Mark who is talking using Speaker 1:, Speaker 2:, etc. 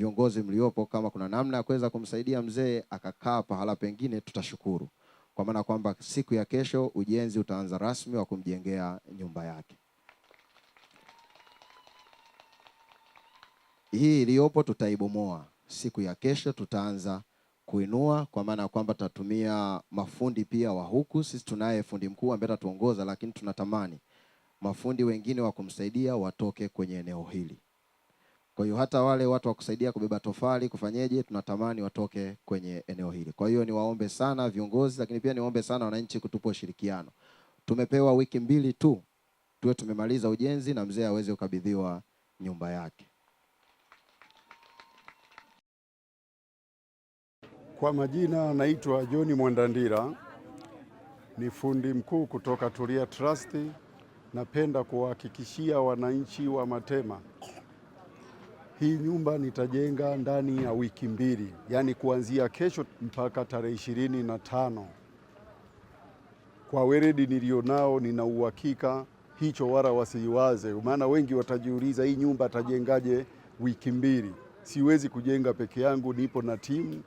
Speaker 1: viongozi mliopo, kama kuna namna ya kuweza kumsaidia mzee akakaa pahala pengine, tutashukuru kwa maana kwamba siku ya kesho ujenzi utaanza rasmi wa kumjengea nyumba yake hii iliyopo tutaibomoa. Siku ya kesho tutaanza kuinua, kwa maana ya kwamba tutatumia mafundi pia wa huku. Sisi tunaye fundi mkuu ambaye atatuongoza, lakini tunatamani mafundi wengine wa kumsaidia watoke kwenye eneo hili. Kwa hiyo hata wale watu wa kusaidia kubeba tofali kufanyeje, tunatamani watoke kwenye eneo hili. Kwa hiyo niwaombe sana viongozi, lakini pia niwaombe sana wananchi kutupa ushirikiano. Tumepewa wiki mbili tu tuwe tumemaliza ujenzi na mzee aweze kukabidhiwa nyumba yake.
Speaker 2: Kwa majina naitwa John Mwandandira, ni fundi mkuu kutoka Tulia Trust. Napenda kuwahakikishia wananchi wa Matema hii nyumba nitajenga ndani ya wiki mbili, yaani kuanzia kesho mpaka tarehe ishirini na tano. Kwa weredi nilionao, nina uhakika hicho, wala wasiwaze, maana wengi watajiuliza hii nyumba atajengaje wiki mbili? Siwezi kujenga peke yangu, nipo na timu